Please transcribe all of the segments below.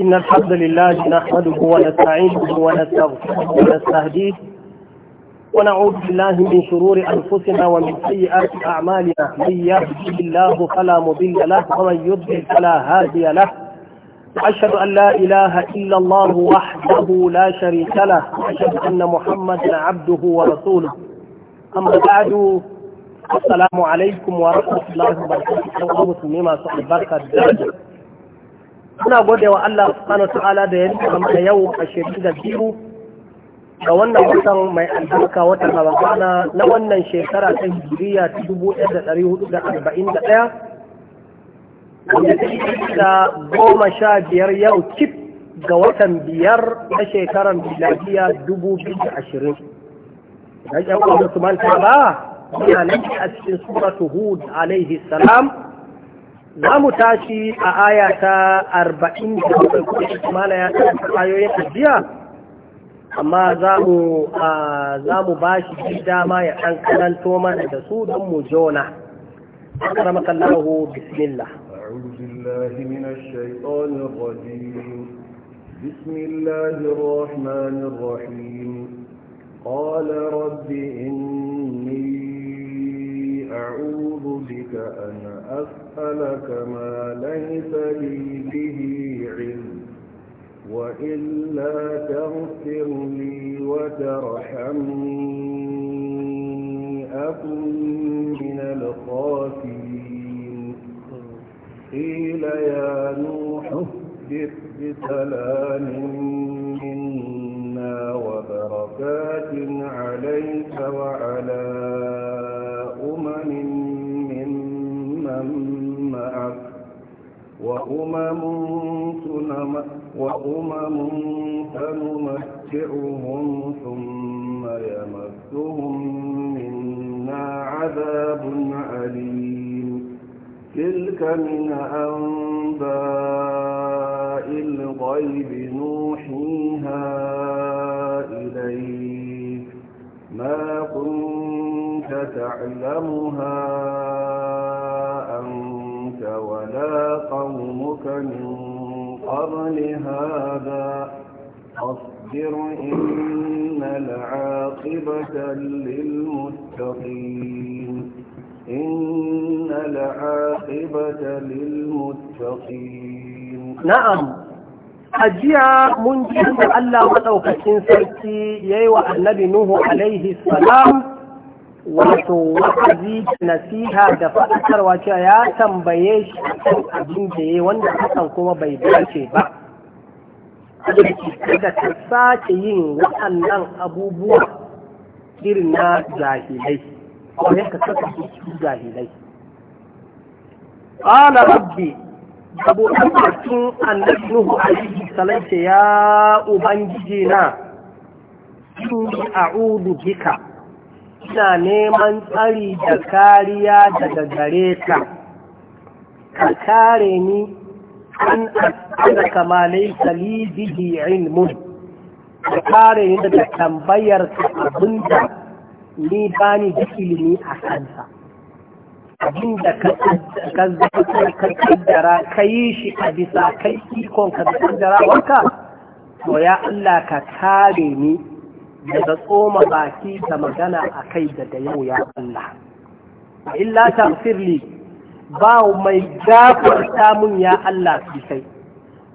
إن الحمد لله نحمده ونستعينه ونستغفره ونستهديه ونعوذ بالله من شرور أنفسنا ومن سيئات أعمالنا من يهده الله فلا مضل له ومن يضلل فلا هادي له وأشهد أن لا إله إلا الله وحده لا شريك له وأشهد أن محمدا عبده ورسوله أما بعد السلام عليكم ورحمة الله وبركاته ومسلمين ما سؤال الدرجة muna gode wa Allah subhanahu ta'ala da ya rika mana yau a shekaru da biyu ga wannan watan mai albarka watan Ramadana na wannan shekara ta Hijiriya ta dubu ɗaya da ɗari hudu da arba'in da ɗaya da goma sha biyar yau cif ga watan biyar na shekarar miladiya dubu biyu da ashirin. Dan ƴan uwa ta ba muna nan a cikin suratu Hud alaihi salam za mu tashi a aya ta arba'in da kuma ya tafi ayoyin ajiya amma za mu ba shi dama ya ɗan karanto mana da su don mu jona أكرمك الله بسم أعوذ بالله من الشيطان الرجيم بسم الله الرحمن الرحيم قال رب إني أعوذ بك أن أسألك ما ليس لي به علم وإلا تغفر لي وترحمني أكن من الخاسرين قيل يا نوح اهدف بسلام منا وبركات عليك وعلى وأمم وأمم سنمتعهم ثم يمسهم منا عذاب أليم تلك من أنباء الغيب نوحيها إليك ما كنت تعلمها من قبل هذا فاصبر إن العاقبة للمتقين إن العاقبة للمتقين نعم أجيع من جهة الله وتوكسين سيتي يوى النبي نوه عليه السلام wato wa'azi da nasiha da faɗakarwa cewa ya tambaye shi kan abin da ya wanda hakan kuma bai dace ba daga ta sake yin waɗannan abubuwa irin na jahilai ko ya ka saka su jahilai qala rabbi abu albatun annabi nuhu alaihi salam ya ubangiji na inni a'udu bika ina neman tsari da kariya daga gare ka ka kare ni an as'alaka ma laysa li ilmun ka kare ni daga tambayar abin da ni bani da ilimi a kansa abin da ka kaddara ka yi shi a bisa kai ikon ka kaddara wanka to ya Allah ka kare ni daga tsoma baki da magana a kai da yau ya Allah. Illa firli ba mai gafarta mun ya Allah fi kai,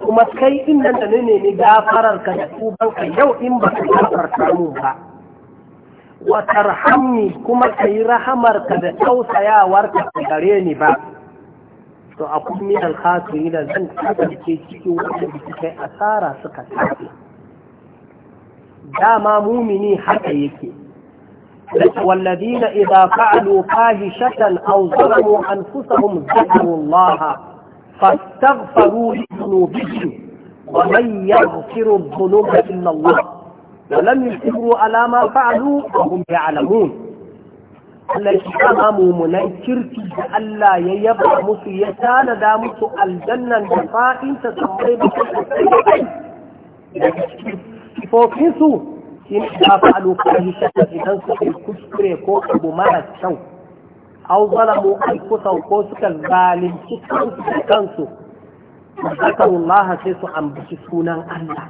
kuma kai inda da ne ne gafarar ka da tuban ka yau in ba ka gafar samun ba. Wa tarhamni kuma ka yi rahamar ka da tausayawar ka gare ni ba. To a kuma min ni da zan kasance cikin wani wanda kai asara suka tafi. داما مؤمني حتى يكي والذين إذا فعلوا فاهشة أو ظلموا أنفسهم ذكروا الله فاستغفروا لذنوبهم ومن يغفر الذنوب إلا الله ولم يشكروا على ما فعلوا وهم يعلمون الذي أمامه من الشرك ألا يبقى مسيسان دامت الجنة الجفاء تتقرب sifofinsu shi ne ta fa'alu idan su ke kuskure ko abu mara kyau au zalamu alkusan ko suka zalunci kansu da kansu zakarullaha sai su ambaci sunan Allah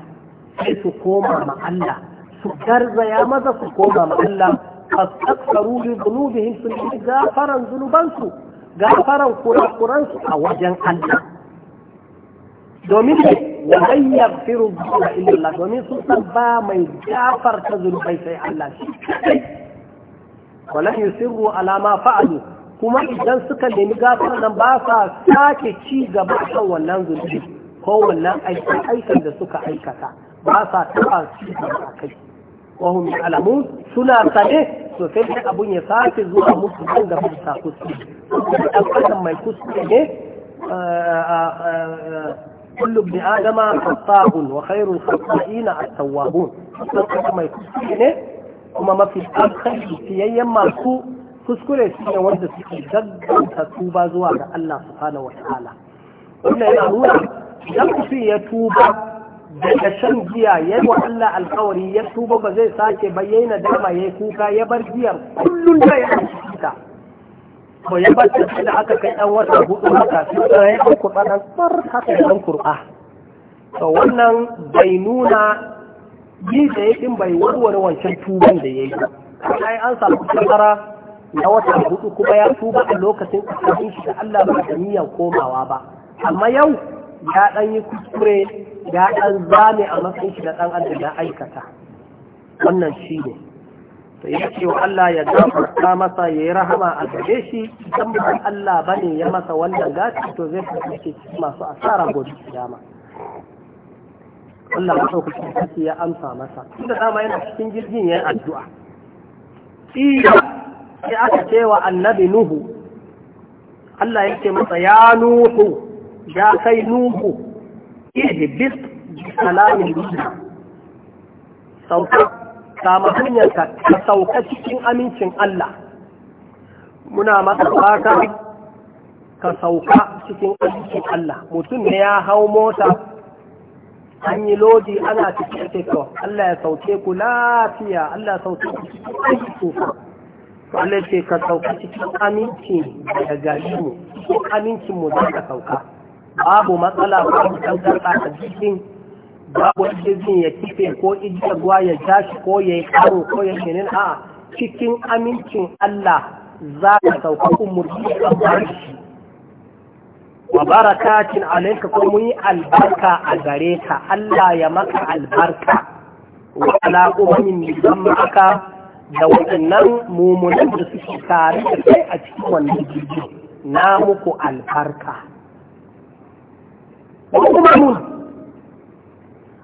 sai su koma ma Allah su garzaya maza su koma ma Allah fasakkaru bi dhunubihim sun yi gafaran zunubansu gafaran kurakuransu a wajen Allah domin wa an yaghfiru dhunuba illa Allah domin sun san ba mai ta zunubai sai Allah shi kadai wa lan yusirru ala ma fa'alu kuma idan suka nemi gafar nan ba sa sake ci gaba kan wannan zunubi ko wannan aikin da suka aikata ba sa taɓa ci gaba kai wahum alamu suna sane sosai sai abun ya sake zuwa musu don ga fuska kuskure mai kuskure ne kullu bi adama khata'un wa khairul khata'ina at-tawwabun kuma mai ne kuma mafi alkhairi fiyayyen masu kuskure shi ne wanda suke gaggauta tuba zuwa ga Allah subhanahu wa ta'ala wannan yana nuna idan mutum ya tuba daga shan giya ya yi wa Allah alkawari ya tuba ba zai sake ba yayi nadama ya yi kuka ya bar giyar kullum da ya ta to ya bata da aka kai ɗan wata hudu haka shi a ya ɗan kurɓa ɗan far, haka ya ɗan kurɓa to wannan bai nuna yi da ya bai warware wancan tuban da ya yi ai an samu tsara na wata hudu kuma ya tuba a lokacin tsakanin shi da Allah ba da niyyar komawa ba amma yau ya ɗan yi kuskure ya ɗan zame a matsayin shi da ɗan adam aikata wannan shi ne to ya ce wa Allah ya gafarta masa ya yi rahama a gare shi idan ba Allah ba ya masa wannan gaci to zai kasance masu asara gobe dama Allah ya amsa masa inda dama yana cikin jirgin ya yi addu'a iya sai aka ce wa annabi nuhu Allah ya ce masa ya nuhu ya kai nuhu ihdis bi salamin sauka kama hanyarka ka sauka cikin amincin Allah muna masa ka sauka cikin amincin Allah mutum ne ya hau mota an yi lodi ana cikin teko Allah ya sauke ku lafiya Allah ya sauke ku cikin aiki Allah ce ka sauka cikin aminci da gari mu cikin amincin mu za ka sauka babu matsala ba tangarɗa a cikin babu wanda ya kife ko igiyarwa ya shi ko ya yi karo ko ya shinin a cikin amincin Allah za ka sauka kun umurci a barci wa barakatin alaika ko mun yi albarka a gare ka Allah ya maka albarka wa ala umamin maka da waɗannan mummunan da suke tare da kai a cikin wannan jirgin na muku albarka. Wa kuma mun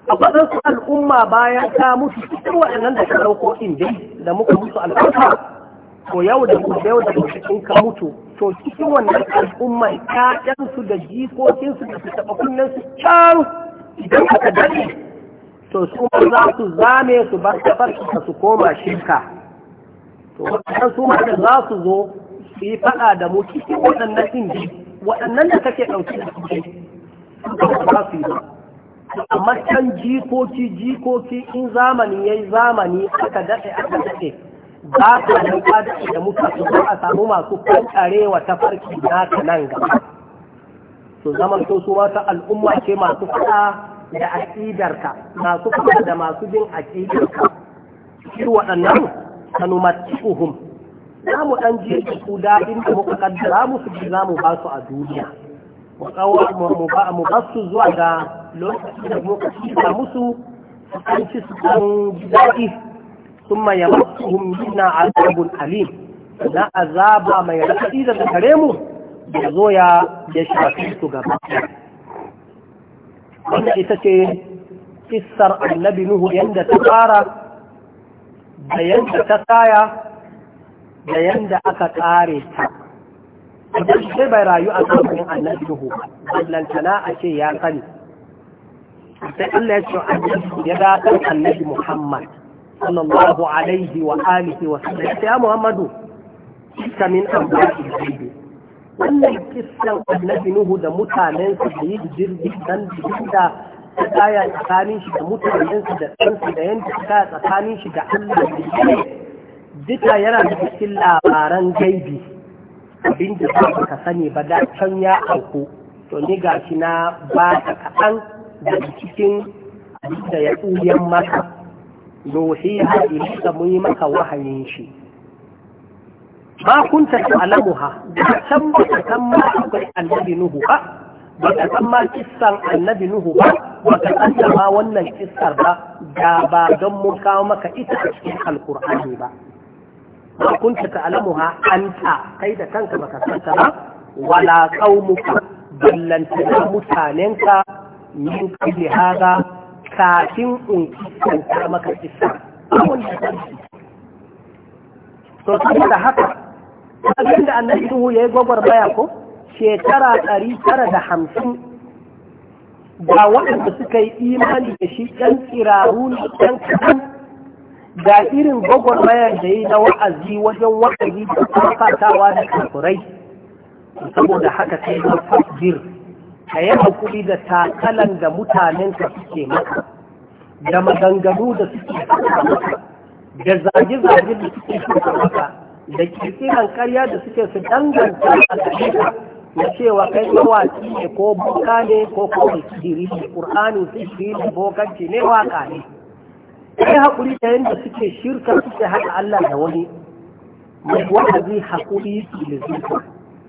a waɗansu al'umma bayan ta mutu cikin waɗannan da ka ɗauko in dai da muka mutu al'umma to yau da gobe yau da gobe in ka mutu to cikin wannan al'umma ƴaƴansu da jikokinsu da su taɓa kunnen su caru idan aka daɗe to su ma za su zame su bar tafarka su koma shirka to waɗannan su ma da za su zo su yi faɗa da mu cikin waɗannan dai waɗannan da kake ɗauki da su ba su yi ba amma can jikoki jikoki in zamani ya yi zamani aka daɗe aka daɗe ba ka nan ba da mutane ko a samu masu kankarewa ta farki na ta nan gaba to zama to su wata al'umma ce masu faɗa da aƙidarka masu faɗa da masu bin aƙidarka shi waɗannan sanumatihum za mu ɗan je su daɗin da muka kaddara musu ji za mu ba su a duniya mu ba su zuwa ga lokacin da muka cika musu an ci su kan daɗi sun ma yaba su na azabun alim na azaba mai raɗaɗi da gare mu da zo ya ya shafi su gaba wannan ita ce kissar annabi nuhu yadda ta fara da yadda ta tsaya, da yadda aka kare ta idan sai bai rayu a tsakanin annabi nuhu lantana a ce ya sani sai Allah ya ce ya datar annabi Muhammad sallallahu alaihi wa alihi wa sallam ya Muhammadu kisa min ambaci jirgi. wannan kisan annabi Nuhu da su da yi jirgi dan da ta tsaya tsakanin shi da su da ɗansa da yanda ta tsaya tsakanin shi da Allah da duka yana da cikin labaran gaibi abin da ba ka sani ba da can ya auku to ni gashi na ba ka kaɗan daga cikin da ya tsuyan maka yuhiha ilayka mu yi maka wahayin shi ma kunta da can ba ka san ma akwai annabi nuhu ba ba ka san ma kissan annabi nuhu ba ba ka san da ma wannan kissar ba da ba don mun kawo maka ita a cikin alkur'ani ba ma kunta an anta kai da kanka baka san ta ba wala qaumuka ballantana mutanenka min kabli hada kafin in kanta maka isa to da haka abin da annabi duhu yayi gogwar baya ko shekara ɗari tara da hamsin ga waɗanda suka yi imani da shi ɗan tsiraru ne ɗan kaɗan ga irin gwagwarmayar da yi na wa'azi wajen wa'azi da fafatawa da kafurai saboda haka sai na fasbir ka yi kuɗi da takalan da mutanenka suke maka da maganganu da suke maka da zage-zage da suke suka maka da kirkiran karya da suke su danganta a ka na cewa kai mawaki ne ko boka ne ko kuma sihiri ne ƙur'ani shi ne bokanci ne waka ne kai haƙuri da yadda suke shirka suke haɗa Allah da wani mai wa'azi haƙuri su ne zuwa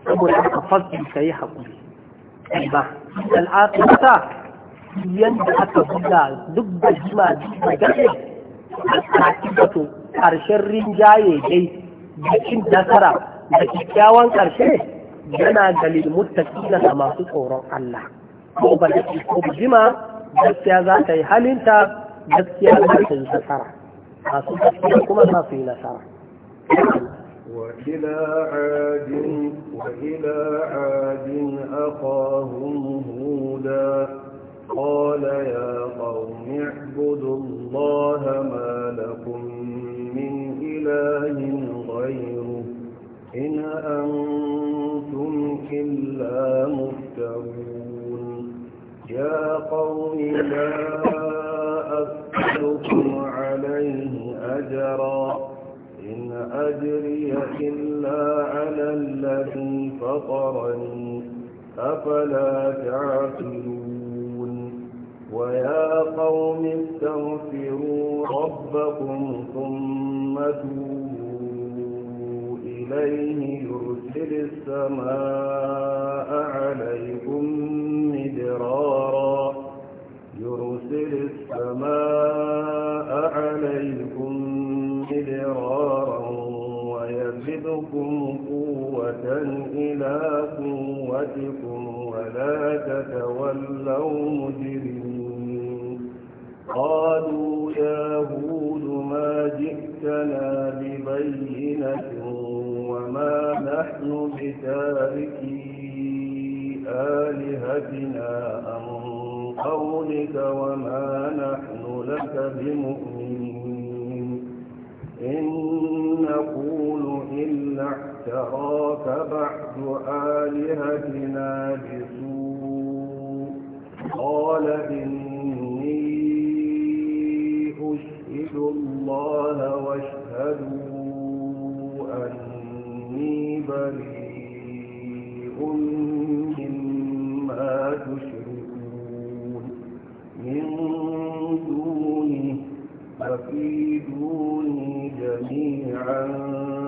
saboda aka fasbi ka yi haƙuri kai ba al'aqibata yanda aka buga duk da jima da gaske al'aqibatu karshen rinjaye dai da cin nasara da kyakkyawan ƙarshe yana ga lilmuttaqina da masu tsoron Allah ko ba da ko jima gaskiya za ta yi halinta gaskiya za ta yi nasara masu gaskiya kuma za su yi nasara وإلى عاد وإلى عاد أخاهم هودا قال يا قوم اعبدوا الله ما لكم من إله غيره إن أنتم إلا مفترون يا قوم لا أسألكم عليه أجرا أجري إلا على الذي فطرني أفلا تعقلون ويا قوم استغفروا ربكم ثم توبوا إليه يرسل السماء عليكم مدرارا يرسل السماء عليكم ينقصكم قوة إلى قوتكم ولا تتولوا مجرمين قالوا يا هود ما جئتنا ببينة وما نحن بتاركي آلهتنا أم قولك وما نحن لك بمؤمنين إن نقول إن بعد آلهتنا بسوء قال إني أشهد الله واشهدوا أني بريء مما تشركون من دونه فكيدوني جميعا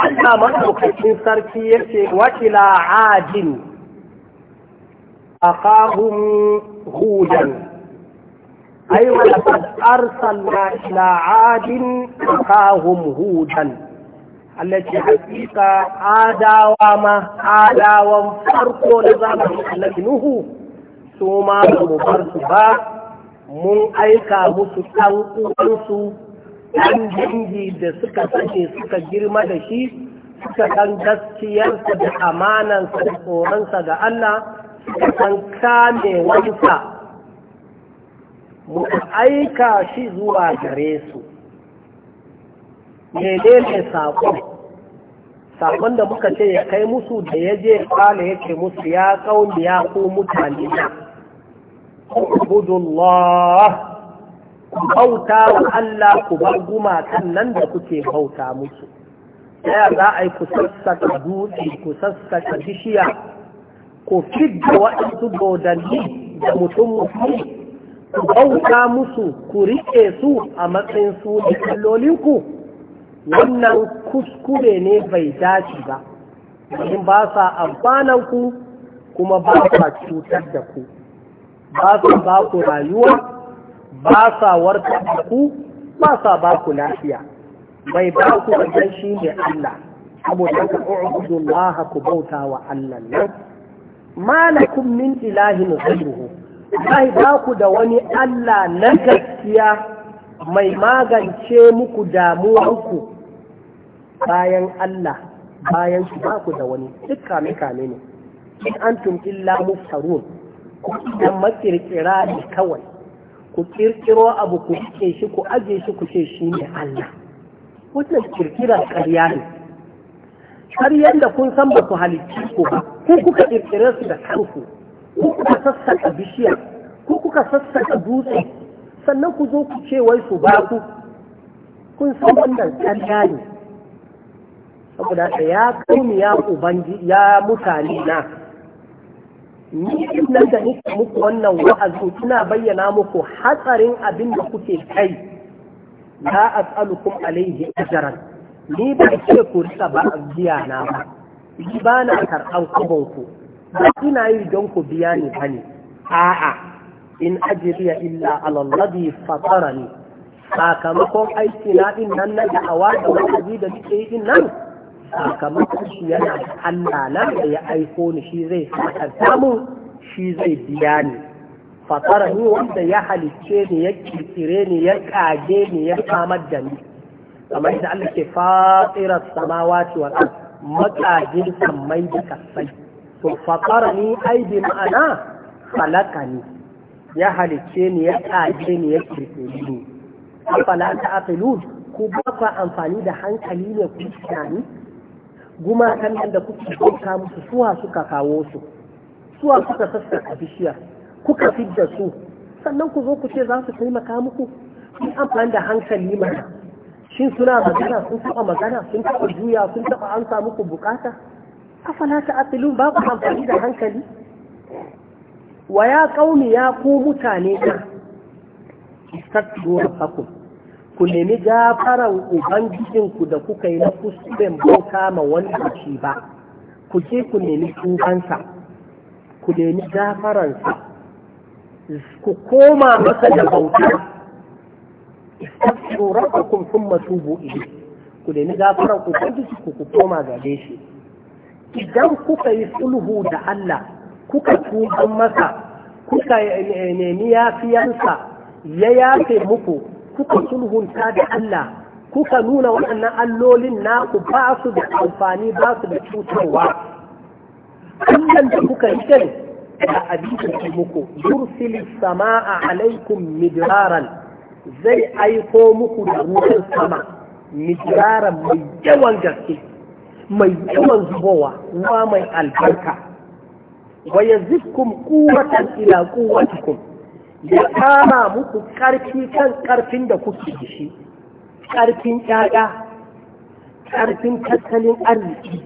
Allah matsaukakin sarki ya ce, Wakila ajin a kahun hujan, aiwa da fasar salla ila ajin a kahun hujan, Allah ce hakika adawa ma adawan farko da zamani Allah nuhu su ma su ba mun aika musu ɗan ƙunsu. ɗan dangi da suka sani suka girma da shi suka san gaskiyarsa da amanansa da tsoronsa ga Allah suka san wansa muka aika shi zuwa gare su menene saƙon saƙon da muka ce ya kai musu da ya je ya ce musu ya kauni ya ku mutane na Allah ku bauta wa Allah ku bar gumakan nan da kuke bauta musu ɗaya za a yi ku sassaka dutse ku sassaka bishiya ku fidda waɗansu dodanni da mutum ku bauta musu ku riƙe su a matsayin su da kallolinku wannan kuskure ne bai dace ba domin ba sa amfanan ku kuma ba sa cutar da ku ba su ba ku rayuwa ba sa warta ku ba sa ba ku lafiya bai ba ku wajen shi ne Allah saboda ka u'budu Allah ku bauta wa Allah ne malakum min ilahin ghayruhu bai ba ku da wani Allah na gaskiya mai magance muku damuwanku bayan Allah bayan shi ba ku da wani duk kame kame ne in antum illa mufsarun ku idan makirkira ne kawai ku kirkiro abu ku shi ku aje shi ku ce shi ne Allah wannan kirkira ƙarya ne har yadda kun san ba ku halicci ku ba ku kuka kirkire su da kanku ku kuka sassaka bishiya ku kuka sassaka dutse sannan ku zo ku ce wai su ba ku kun san wannan ƙarya ne saboda ya kauni ya ubangi ya mutane na ni nan da nake muku wannan wa'azi ina bayyana muku hatsarin abin da kuke kai la as'alukum alaihi ajran ni ba ce ku rika ba biya na ba ni ba na karɓan ku ba ina yi don ku biya ni bane a'a in ajriya illa ala alladhi fatarani sakamakon aiki na din nan na awa da wa'azi da nake yi din nan kamar shi yana da Allah nan da ya aiko ni shi zai sakanta mu shi zai biya ni fatara ni wanda ya halicce ni ya kirkire ni ya kage ni ya samar da ni kamar da Allah ke fatira samawati wal ard makajin sammai da kasai to fatara ni ai bi ma'ana halaka ni ya halicce ni ya kage ni ya kirkire ni afala ta'qilun ku ba amfani da hankali ne ku tunani gumakan nan da kuka bauta musu suwa suka kawo su suwa suka a bishiya, kuka fidda su sannan ku zo ku ce za su taimaka muku sun amfani da hankali mana shin suna magana sun taɓa magana sun taɓa juya sun taɓa an samu ku bukata afala a filin ba ku amfani da hankali wa ya kauni ya ku mutane na gora rabbakum ku nemi gafaran ubangijinku da kuka yi na kuskuren bauta ma wani shi ba ku je ku nemi tubansa ku nemi gafaransa ku koma masa da bauta istaghfiru kun sun masu buɗe, ku nemi gafaran ubangijinku ku koma ga shi idan kuka yi sulhu da Allah kuka tuban masa kuka eh, eh, nemi yafiyansa ya yafe muku kuka sulhunta da Allah kuka nuna waɗannan allolin naku ba su da amfani ba su da cutarwa Allah da kuka yi kai da abincin muku yursili sama'a alaikum midraran zai aiko muku da ruwan sama midraran mai yawan gaske mai yawan zubowa wa mai albarka wa yazidkum quwwatan ila quwwatikum ya kama muku ƙarfi kan ƙarfin da kuke da shi ƙarfin ƴaƴa ƙarfin tattalin arziki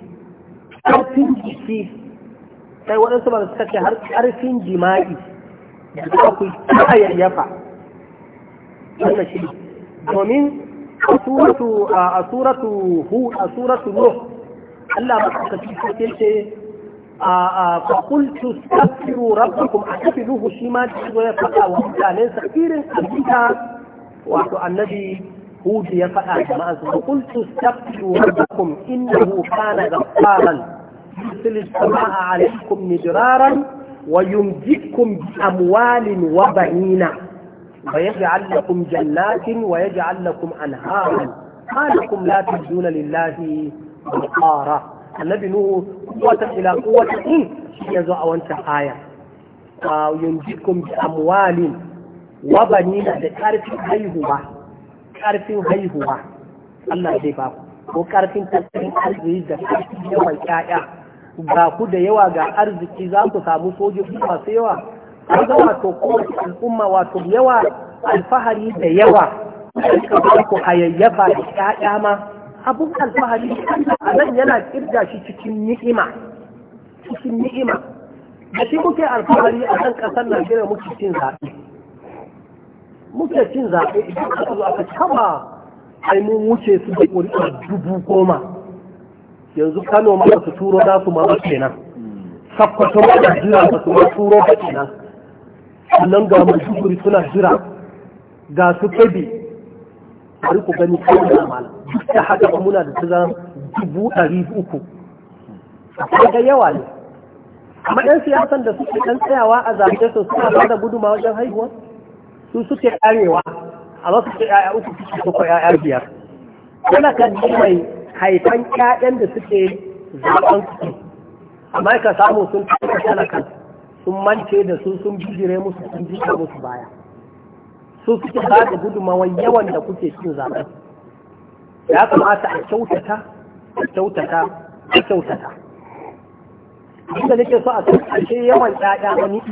ƙarfin jiki sai waɗansu ba su kace har ƙarfin jima'i da za ku ta yayyafa wannan shi domin a suratu hu a suratu nuh Allah ba su ci ce آه، آه، فقلت استغفروا ربكم احفظوه شمال ويفقى وقلت لن سخير الحديث وقلت النبي هود يفقى كما فقلت استغفروا ربكم انه كان غفارا يرسل السماء عليكم مدرارا ويمددكم باموال وبنين ويجعل لكم جنات ويجعل لكم انهارا ما لكم لا تجدون لله وقارا annabi nuhu kuwata ila in shi yanzu a wancan aya fa yunjikum bi amwalin wa banina da karfin haihuwa karfin haihuwa Allah zai ba ku ko karfin tattalin arziki da karfin yawan ƴaƴa ba ku da yawa ga arziki za ku samu sojoji masu yawa ga wato kowace al'umma wato yawa alfahari da yawa ka ku hayayyafa da ƴaƴa ma abun alfahari a nan yana kirga shi cikin ni'ima cikin ni'ima da shi muke alfahari a kan ƙasar Najeriya muke cin zaɓe muke cin zaɓe idan aka zo aka kama ai wuce su da ƙuri'a dubu goma yanzu Kano ma su turo za su ma ba kenan Sakkwato ma jira ba su ma turo ba kenan sannan ga Maiduguri suna jira ga su Kebbi bari ku gani ko da mala duk da haka ba muna da tazara dubu ɗari uku ga yawa ne amma ɗan siyasan da suke ɗan tsayawa a zaɓe su suna ba da guduma wajen haihuwa su suke ƙarewa amma ke ƴaƴa uku suke ko ƴaƴa biyar yana kan mai haifan ƴaƴan da suke zaɓen kuɗi. amma ka samu sun tafi talakan sun mance da su sun bijire musu sun jika musu baya su suke ba da gudunmawar yawan da kuke cin zaɓe ya kamata a kyautata a kyautata a kyautata inda nake so a kashe yawan ƴaƴa wani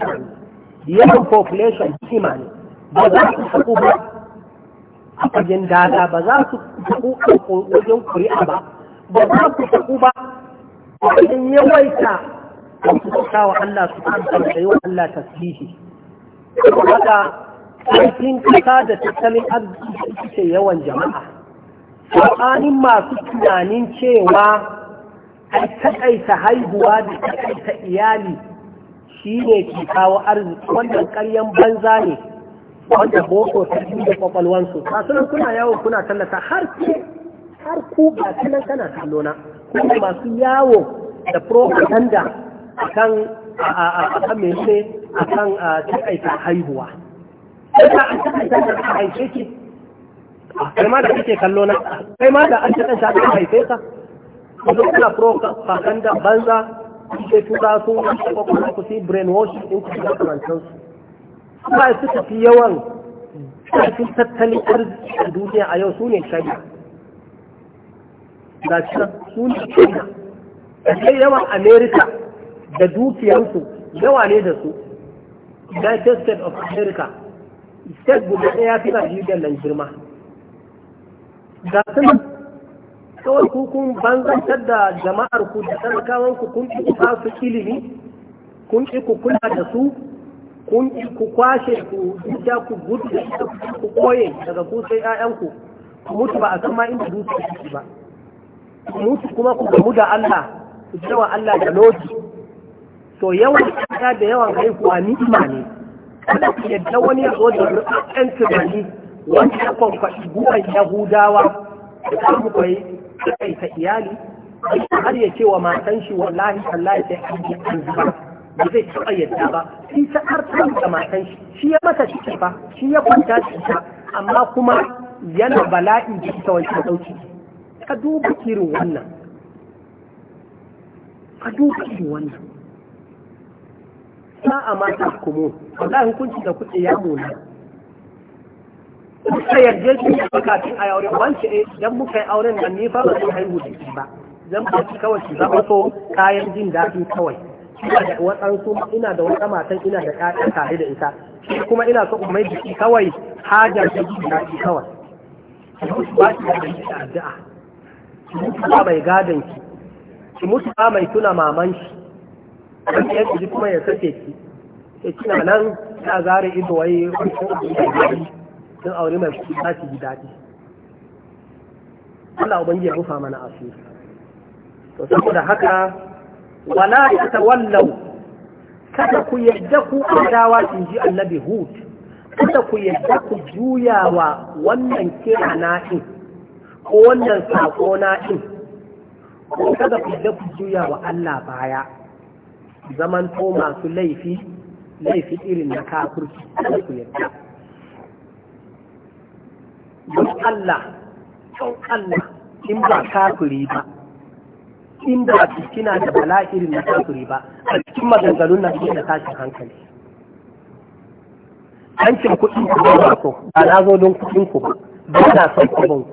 yawan population kima ne ba za su saku ba a fagen dada ba za su saku wajen kuri'a ba ba za su saku ba wajen yawaita da su wa Allah su kan da yawan Allah tasbihi. Haka ƙarfin ƙasa da tattalin arziki ke yawan jama'a tsakanin masu tunanin cewa a taƙaita haihuwa da taƙaita iyali shi ne ke kawo arziki wannan ƙaryan banza ne wanda boko ta yi da kwakwalwansu masu nan kuna yawo kuna tallata har ke har ku ba tunan kana kallona kuma masu yawo da propaganda kan a kan a kan taƙaita haihuwa kai ba an taɓa sata a haife ki kai ma da kake kallo na kai ma da an taɓa sata a haife ka kuma kuna pro kakan da banza ke tura sun wuce kwakwalwa ku sai brainwashing in ku da kamantansu ba su tafi yawan ƙarfin tattalin arziki a duniya a yau su ne shari'a ga shi su ne shari'a sai yawan america da dukiyarsu yawa ne da su united states of america state guda ɗaya fi jirgin nan girma ga sunan kawai kukun banzantar da jama'ar ku da talakawan ku kun fi su ilimi kun ki ku kula da su kun ki ku kwashe ku dukiya ku gudu ku koye daga ku sai ƴaƴan ku mutu ba a san ma inda dukiya ku ba ku mutu kuma ku gamu da Allah ku jawa Allah da lodi to yawan da yawan haihuwa ni'ima ne kada ku yadda wani yazo da rubutun tunani wani ya kwamfashi buwan yahudawa da ta mu koyi kai ta iyali har ya ce wa matan shi wallahi Allah sai an yi an zuba ba zai taɓa yadda ba shi ta artar da matan shi shi ya masa ciki ba shi ya kwanta shi amma kuma yana bala'i da ita wancan ɗauki ka duba irin wannan ka duba irin wannan ba a ma ta hukumu wallahi hukunci da kuke ya muna kuka yarda shi da kafin a aure wance eh don muka yi auren nan ni fa ba zan haihu da shi ba zan ba shi kawai shi zama so kayan jin daɗi kawai ina da wasansu ina da wata matan ina da ƴaƴa tare da ita kuma ina so umai shi kawai hajar da jin daɗi kawai ba shi da jin addu'a ki mutu ba mai gadon ki ki mutu ba mai tuna maman shi wanda ya ji kuma ya sake ki ya kina nan ya zare ido wai wancan abin da ya sun aure mai kuɗi ta su ji daɗi Allah ubangi ya rufa mana asiri to saboda haka wala tawallau kada ku yadda ku adawa in ji annabi hud kada ku yadda ku juyawa wannan kira na'in ko wannan sako na'in ko kada ku yadda ku juyawa Allah baya zaman to masu laifi laifi irin na kafirci da su yarda don Allah don Allah in ba kafiri ba in ba kina da bala irin na kafiri ba a cikin maganganun nan sai da tashin hankali hancin kuɗin ku ba ko ba na zo don kuɗin ku ba ba na son kuɗin ku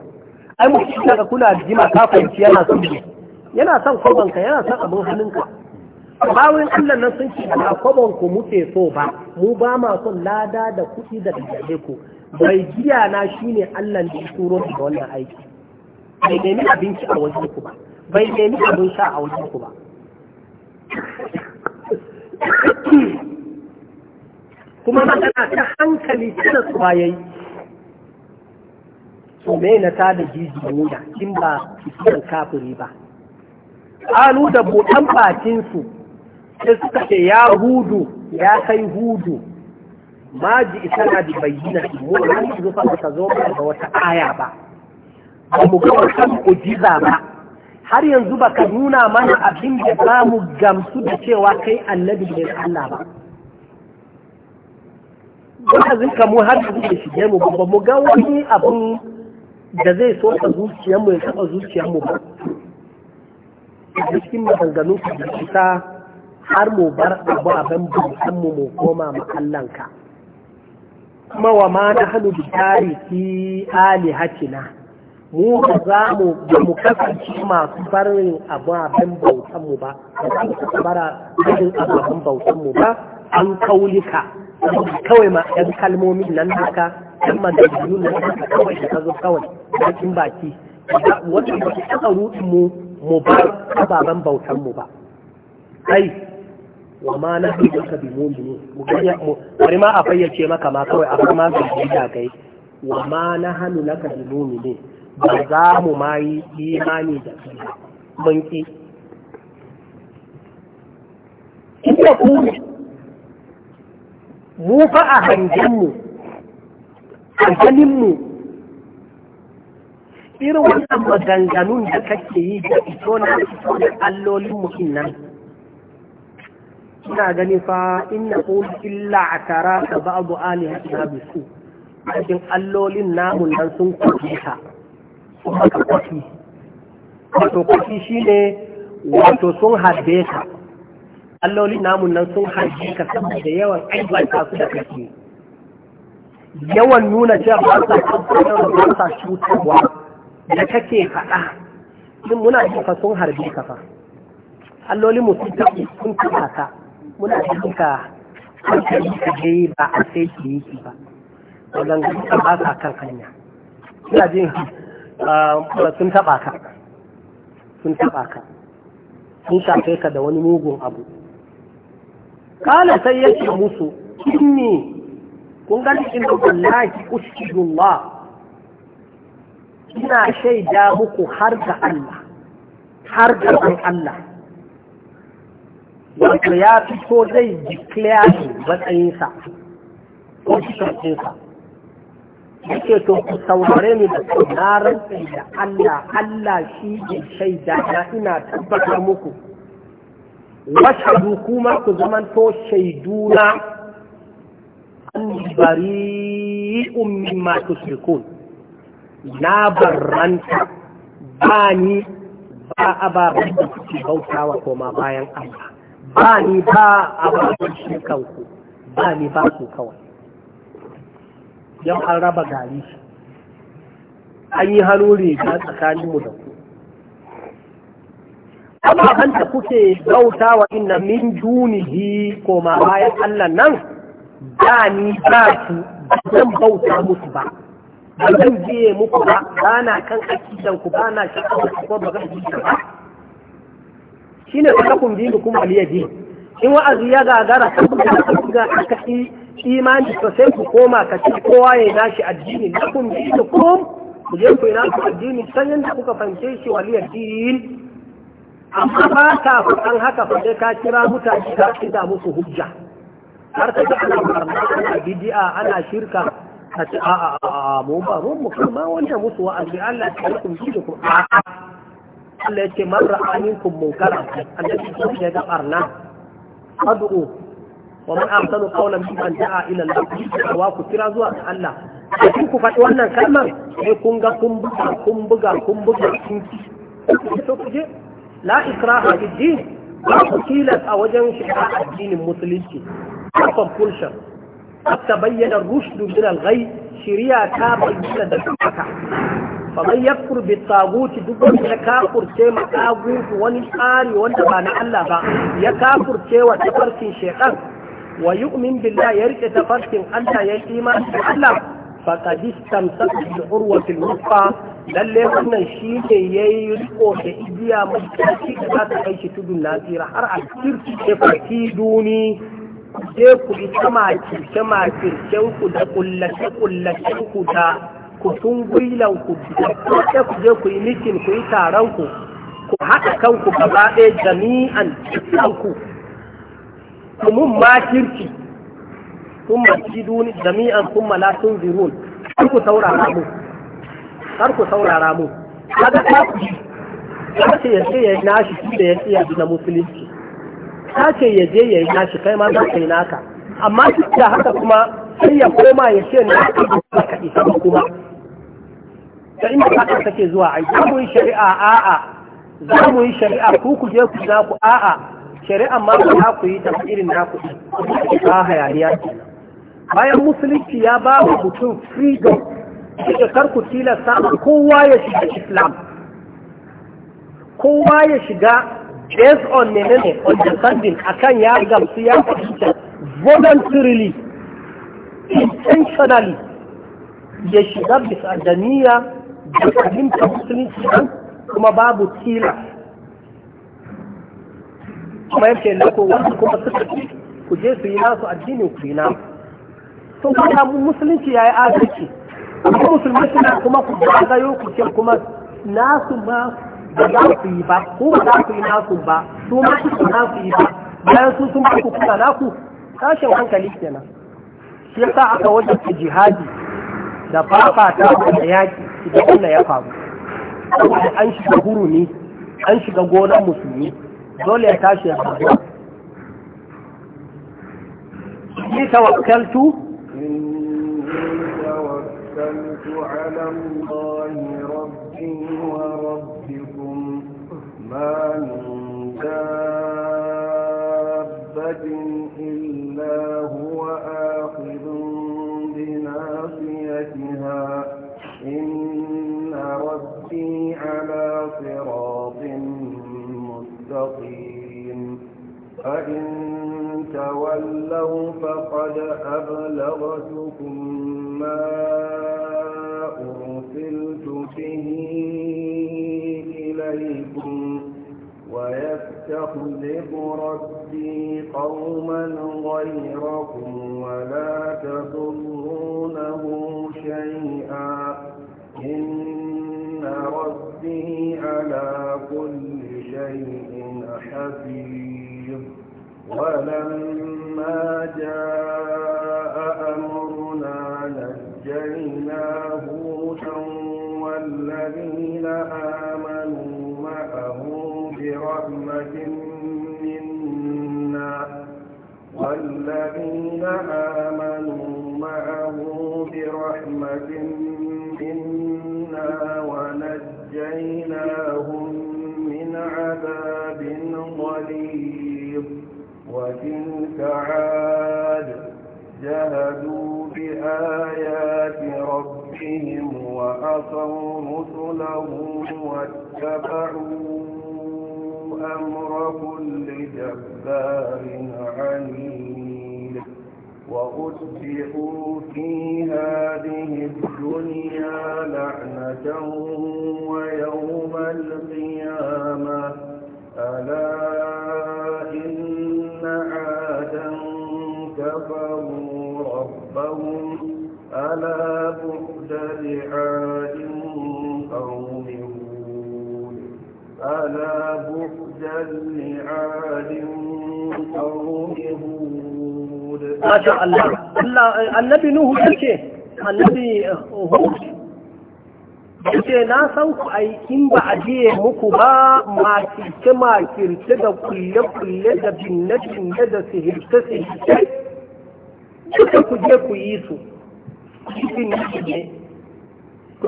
ai mutum daga da jima kafirci yana son yana son ka yana son abin hannunka bawon Allah nan sun ce ba kwabon ku muke so ba mu ba ma son lada da kuɗi da gare ku bai giya na shine Allah da ya turo da wannan aiki bai nemi abinci a wajen ku ba bai nemi abin sha a wajen ku ba kuma magana ta hankali tana tsayayi to me na ta da jijiyoyi kin ba kafiri ba alu da buɗan bakin su sai suka ya hudu ya kai hudu ma ji isa na da bayyana mu su zo fa zo da wata aya ba ba mu ga wata mu'jiza ba har yanzu ba ka nuna mana abin da za mu gamsu da cewa kai annabi ne Allah ba wata ka mu har da zuke shige mu ba mu ga wani abin da zai so ka zuciyarmu ya taɓa zuciyanmu ba cikin maganganun ka da har mu bar abu abin bautan mu mu koma ma Allahnka kuma wa ma na hannu fi ali hatina, mu ba za mu da mu kasance masu barin abu abin bautan mu ba ba za mu bara barin abu abin bautan mu ba an kaulika kawai ma yan kalmomi nan haka yan maganganun nan haka kawai da ka zo kawai bakin baki wata ba ta taɓa mu mu bar ababen bautan mu ba ai wa ma na bi ka bi mu'mini bari ma a fayyace maka ma kawai a kuma ma ka ji da kai wa ma na hanu laka bi ne ba za mu ma yi imani da kuma. mun ki inda ku mu fa a hanginmu mu hankalin mu irin wannan maganganun da kake yi da ito na ito da allolin mu nan ina gani fa inna qul illa atara ka ba'du alihatina bisu cikin allolin namun nan sun kwafi ta, kuma ka kwafi wato kwafi shine wato sun harbe ta allolin namun nan sun harbe ka saboda yawan ta su da kake yawan nuna cewa ba sa tabbatar ba sa cutarwa da kake faɗa in muna jin fa sun harbe ka fa allolin mu sun taɓa sun taɓa muna cikin ka hankali ka je ba a sai ki yi ki ba wannan ka ba sa kan hanya ina jin ah, sun taba ka sun taba ka sun shafe ka da wani mugun abu kala sai yake musu inni kun gani inda wallahi ushidullah ina shaida muku har da Allah har da Allah wato ya fito zai declare matsayinsa ko cikinsa yake to ku saurare ni da na da Allah Allah shi ne shaida na ina tabbatar muku washadu kuma ku zaman to shaiduna an bari'un mimma tushrikun na barranta ba ni ba ababen da kuke bautawa koma bayan Allah ba ni ba a bakon shi kanku ba ni ba su kawai yau an raba gari an yi hannu riga mu da ku ababen da kuke bauta wa inna min dunihi ko ma bayan Allah nan da ni ba su zan bauta musu ba ba zan biye muku ba ba na kan akidan ku ba na kan ba ba zan biye ba shine sakakum dinukum waliyadi in wa'azi ya gagara saboda aka yi imani to sai ku koma ka ci kowa ya nashi addini lakum dinukum ku je ku ina ku addini san yanda kuka fahimce shi waliyadin amma ba ka faɗan haka fa sai ka kira mutane ka kida musu hujja har ka ji ana barna ana bidi'a ana shirka ka ce a'a a'a mu ba mu kuma wanda musu wa'azi Allah ya yi kun ji ku a'a Allah ya ce man ra'a minkum munkara annabi ko ya ga barna ad'u wa man ahsanu qawlan an da'a ila Allah wa ku kira zuwa ga Allah kun ku faɗi wannan kalmar sai kun ga kun buga kun buga kun buga kun to kuje la ikraha fid din ba ku tilas a wajen shiga addinin musulunci compulsion قد تبين الرشد من الغي شريعة كابل من دكتك فمن يكفر بالطاغوت دبر يا كافر تيما طاغوت وني tsari wanda ba na Allah ba ya kafurce wa tafarkin shekan wa yu'min billah ya rike tafarkin Allah ya imani da Allah faqad istamsaka bil urwati al lalle wannan shi ne yayi riko igiya mai da ta kai shi tudun nasira har a je ku yi ta makirce makircen ku da kullace kullace ku da ku sun gwilan ku da ku je ku yi mikin ku yi taron ku ku haɗa kanku gaba ɗaya jami'an cikin ku mun makirci kun maci duni jami'an kun zirun kar ku saurara mu kar ku saurara mu kaga ku ji kaga ya ce ya nashi da ya ce ya na musulunci ta ce ya je ya yi nashi kai ma za ka yi naka amma duk da haka kuma sai ya koma ya ce na ba ka isa ba kuma ta inda haka take zuwa ai za mu yi shari'a a'a za mu yi shari'a ku ku je ku za ku a'a shari'a ma za ku yi ta irin na ku ba hayaniya bayan musulunci ya ba ku mutum freedom da kar ku tilasta kowa ya shiga islam kowa ya shiga based on menene understanding akan ya gamsu ya fahimta voluntarily intentionally ya shiga bisa da niyya da fahimta musulunci kuma babu tilas kuma yake lako wasu kuma suka ku je su yi nasu addinin ku yi namu. sun kuma musulunci ya yi adalci kuma musulunci suna kuma ku zagayo ku ce kuma nasu ma ba za ku yi ba ko ba za ku yi nasu ba su ma su za su yi ba bayan su sun ku kuna naku tashin hankali kenan shi yasa aka wajen wajabta jihadi da fafata da yaki idan wannan ya faru saboda an shiga hurumi an shiga gonar musulmi dole ya tashi ya faru ni tawakkaltu توكلت على الله ربي وربكم ما من دابة جبار عنيد وأتبعوا في هذه الدنيا لعنة ويوم القيامة ألا إن عادا كفروا ربهم ألا بعد لعاد masha Allah annabi nuhu yace annabi eh, yace na san ku ai in ba a je muku ba ma kirce ma da kulle kulle da binne binne da sihirce sihirce kuka ku je ku yi su ku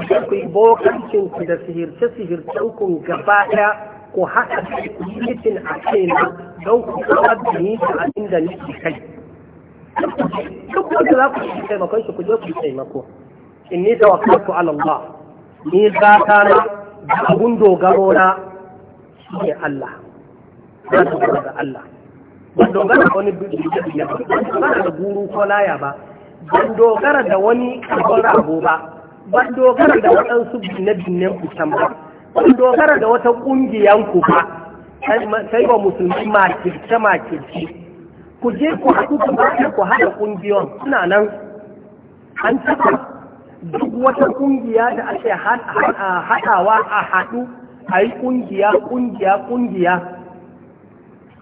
je ku yi bokancin da sihirce sihircen gaba ɗaya ku haɗa kai ku yi mitin a kaina don ku kawar da ni da abin da nake kai duk wanda za ku yi taimakon shi ku je ku yi taimako inni tawakkaltu ala Allah ni zata na da abun dogaro na shine Allah ta dogara da Allah ban dogara da wani bidiyo ba ba da guru ko laya ba ban dogara da wani karɓar abu ba ban dogara da waɗansu binne-binnen kusan ba ban dogara da wata ƙungiyan ku ba sai ba musulmi makirce makirce ku je ku haɗu ku ba ku haɗa ƙungiyon suna nan an taɓa duk wata ƙungiya da ake haɗawa a haɗu a yi ƙungiya ƙungiya ƙungiya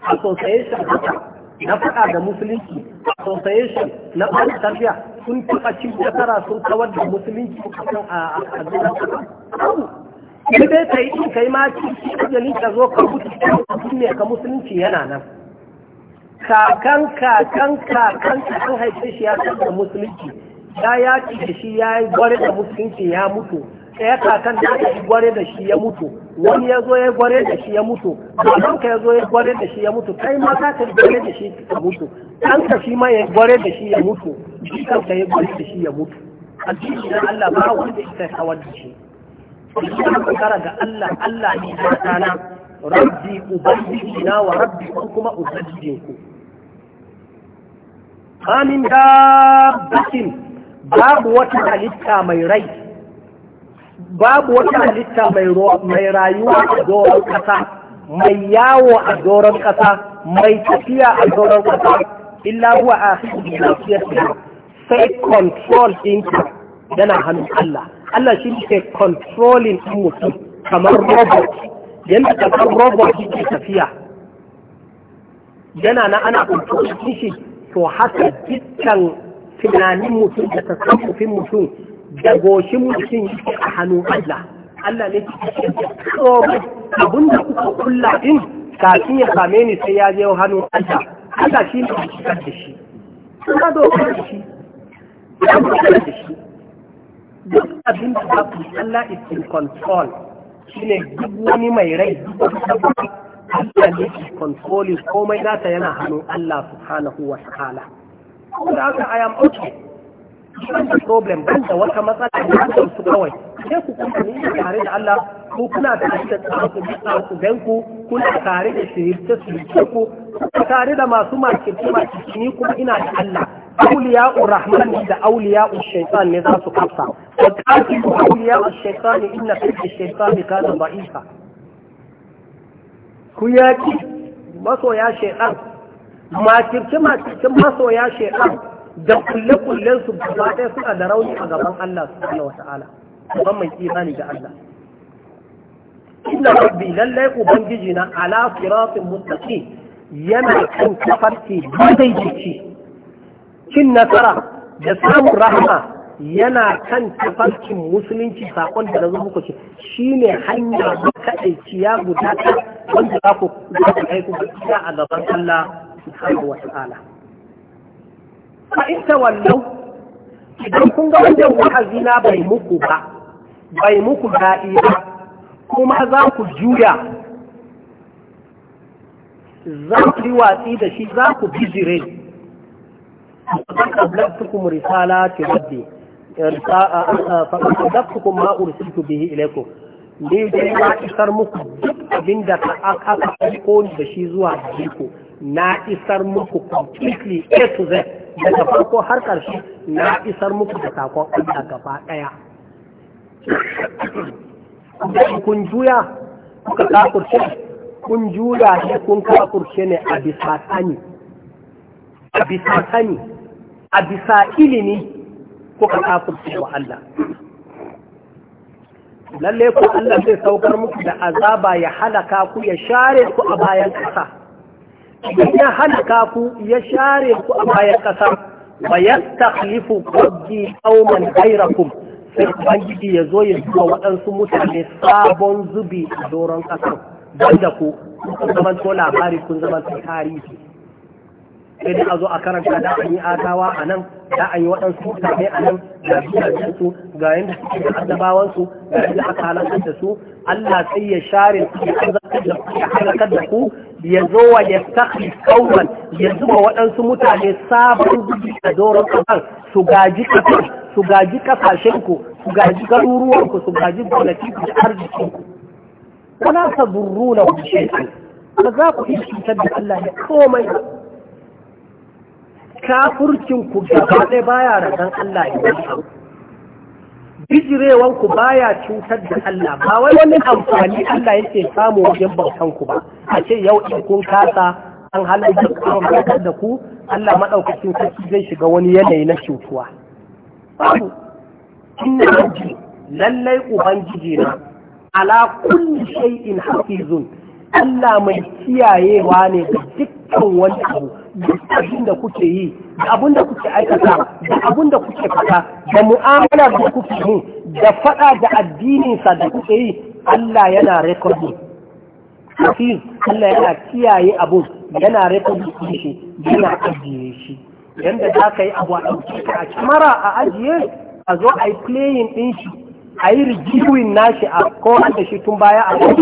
association haka na faɗa da musulunci association na ɓata tafiya sun taɓa cin nasara sun kawar da musulunci a kan a zuwa sai dai ka yi ka yi ma cikin ka zo ka mutu ka ne ka musulunci yana nan kakan kakan kakan an haife shi ya san da musulunci ya yaki da shi ya yi gware da musulunci ya mutu ɗaya kakan da aka yi gware da shi ya mutu wani ya zo ya yi gware da shi ya mutu baban ka ya zo ya yi gware da shi ya mutu kai ma ka ka gware da shi ya mutu ɗan ka shi ma ya gware da shi ya mutu kan ka ya gware da shi ya mutu addini na Allah ba wanda ya kawar da shi shi ka kara ga Allah Allah ne ya tsana rabbi ubangiji na wa rabbi kuma ubangijinku amin dabbatin babu wata halitta mai rai babu wata halitta mai rayuwa a doron ƙasa mai yawo a doron ƙasa mai tafiya a doron kasa illa huwa a lafiyarsa sai control ɗinka yana hannun Allah Allah shi ke controlin ɗin mutum kamar robot yadda kamar robot yake tafiya yana na ana control shi to haka dukkan tunanin mutum da tasarrufin mutum da goshin mutum yake a hannu Allah Allah ne ke tsoro abin da kuka kulla din kafin ya same ni sai ya je hannun Allah Allah shi ne ya da shi kuma dokar da shi ya da shi duk abin da ku Allah is in control shine duk wani mai rai duk wani hakan yake controlling komai nata yana hannun Allah subhanahu wa ta'ala saboda haka I am okay ban da problem ban da wata matsala da ta su kawai sai ku kuma ni tare da Allah ko kuna da tsare ku bisa ku ganku kuna tare da ku tare da masu makirci makirci ni kuma ina da Allah أولياء الرحمن ده أولياء الشيطان نزاع سقطة وتعرفوا أولياء الشيطان إن في الشيطان كان ضعيفا ku yaƙi masoya shaidan makirce makircin masoya shaidan da kulle-kullen su gaba ɗaya suna da rauni a gaban Allah subhanahu wa ta'ala gaban mai imani ga Allah inna rabbi lallai ubangiji na ala siratin mustaqim yana kan kafarki jiki cin nasara da samun rahama yana kan tafarkin musulunci sakon da na zo muku ce shi ne hanya makaɗaici ya guda ta wanda za ku kai ku gaskiya a gaban Allah subhanahu wa ta'ala fa in tawallau idan kun ga wajen wa'azi na bai muku ba bai muku daɗi ba kuma za ku juya za ku yi watsi da shi za ku bijire a kan tabbatukun risala ke rabbi فأصدقتكم ما أرسلت به إليكم ni da ya isar muku duk abin da aka ko da shi zuwa jiko na isar muku completely A to Z daga farko har ƙarshe na isar muku da sakon Allah gaba ɗaya. kun juya kuka kakurce, kun juya shi kun kakurce ne a bisa sani, a bisa sani, a bisa ilimi Ko ka kafirce wa Allah lalle ku Allah zai saukar muku da azaba ya halaka ku ya share ku a bayan ƙasa ya halaka ku ya share ku a bayan ƙasa wa yastakhlifu qabdi qauman ghayrakum sai bangiji ya zo ya zuwa waɗansu mutane sabon zubi a doron ƙasar da ku kun zama labari kun zama tarihi sai dai a zo a karanta da an yi atawa a nan da an yi waɗansu mutane a nan da biyar su ga yadda suke da annabawansu ga yadda aka halakar da su Allah sai ya share su ya da ku ya halakar da ku ya zo wa ya kauman ya zuba waɗansu mutane sabon gudu a doron kasar su gaji kasar su gaji kasashen su gaji garuruwan su gaji gwamnati ku da arzikin ku wala tadurruna ba za ku iya cutar da Allah ya komai kafurcin ku gaba ɗaya baya ragan Allah ya abu bijirewan ku baya cutar da Allah ba wai wani amfani Allah yake samu wajen bautan ku ba a ce yau in kun kasa an halatta ku da ku Allah maɗaukacin sarki zai shiga wani yanayi na cutuwa babu na ji lallai ubangiji na ala kulli shay'in hafizun Allah mai kiyayewa ne ga dukkan wani abu duk abin da kuke yi da abin da kuke aikata da abin da kuke fata da mu'amala da kuke yi da fada da addininsa da kuke yi Allah yana rekodi hafiz Allah yana kiyaye abun yana rekodi shi yana ajiye shi yanda za ka yi abu a ɗauke ka a kamara a ajiye a zo a yi playing ɗin shi a yi rijiwin nashi a an da shi tun baya a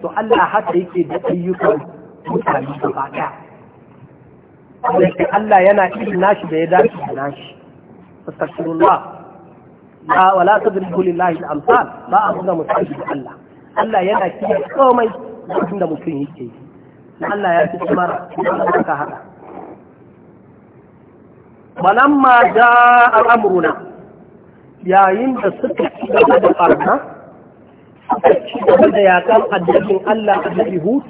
to Allah haka yake da ayyukan mutane gaba ɗaya wanda Allah yana irin nashi da ya dace da nashi astaghfirullah la wala tadribu lillahi da amsal ba a buga misali da Allah Allah yana kiyaye komai lokacin da mutum yake yi Allah ya fi mara ka hada balamma da al'amuruna yayin da suka ci gaba da ɓarna suka ci gaba da yaƙar annabin Allah annabi Hud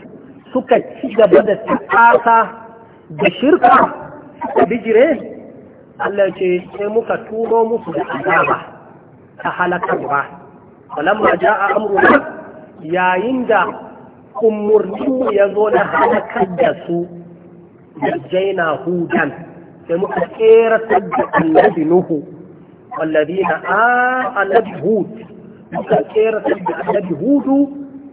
suka ci gaba da ta'asa. da shirka da bijire Allah ce sai muka turo musu da azaba ta halakarwa falamma a amruna yayin da umurninmu ya zo na halakar da su jaina hudan sai muka tsera da annabi nuhu na a annabi hud muka tsera da annabi hudu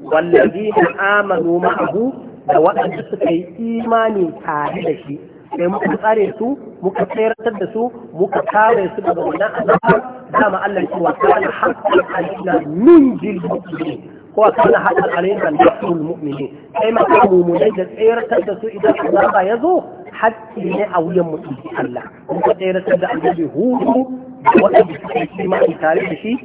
na amanu ma'ahu da waɗanda suka yi imani tare da shi sai muka tsare su muka tsayar da su muka kare su daga wannan azabar dama Allah ya wa kana haqqan alaina min jil mu'minin ko kana haqqan alaina nasrul mu'minin sai ma ka mu'minai da tsayar da su idan azaba ya zo hakki ne a wuyan mutum Allah muka tsayar da annabi hudu waɗanda suka yi imani tare da shi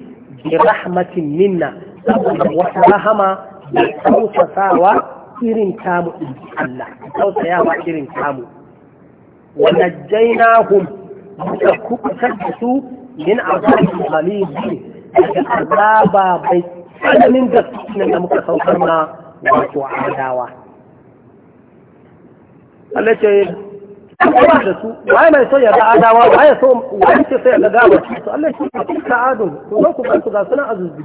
bi rahmatin minna saboda wata rahama da tausasawa irin kamu in Allah tausaya ba irin kamu wa najjaynahum muka kubutar da su min azabin ghalib daga azaba bai tsananin gaskiya da muka saukar ma wato adawa Allah ce kuma da su wai mai so ya ga adawa wai ya so wai ce sai ya ga ba to Allah shi ka adun to ku ba su ga sunan azuzu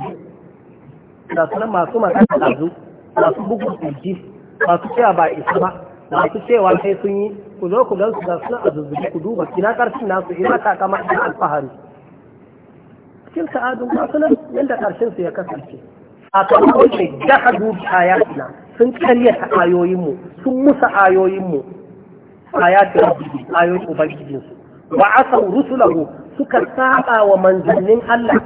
ga sunan masu magana azuzu masu bugun kirji masu cewa ba isa ba masu cewa sai sun yi ku zo ku gansu ga suna a ku duba ina ƙarfin nasu ina kama ina alfahari cikin sa'adun nan yadda ƙarshen su ya kasance a kan kawai daga dubi ayatina sun ta ayoyinmu sun musa ayoyinmu ayatin rabbi ayoyin ubangijinsu wa asau rusulahu suka saba wa manzannin Allah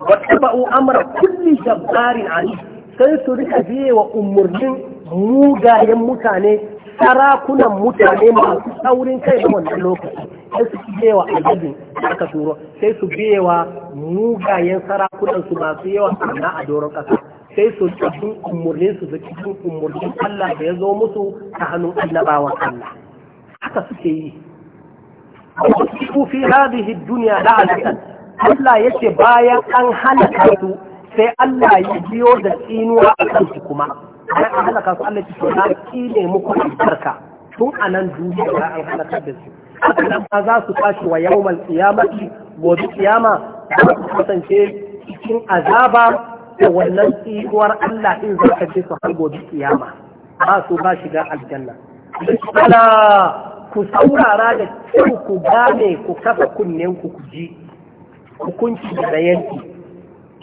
wa tabu kulle kulli jabbarin alim sai su rika biye wa umarnin mugayen mutane sarakunan mutane masu saurin kai da wannan lokaci sai su biye wa da aka turo sai su biye wa mugayen sarakunan su masu yawa sana a doron kasa sai su cikin umarnin su cikin umarnin Allah da ya zo musu ta hannun annabawan Allah haka suke yi ku fi hadhihi dunya la'anatan Allah yace bayan an halaka su sai Allah ya biyo da tsinuwa a kansu kuma ai an halaka su Allah ya na kile muku albarka tun a nan duniya za an halaka da su haka nan ma za su tashi wa yawmal qiyamati gobe qiyama za su kasance cikin azaba da wannan tsinuwar Allah din za ka ji su har gobe qiyama ba su ba shiga aljanna ala ku saurara da kyau ku gane ku kafa kunnen ku ku ji hukunci da yanki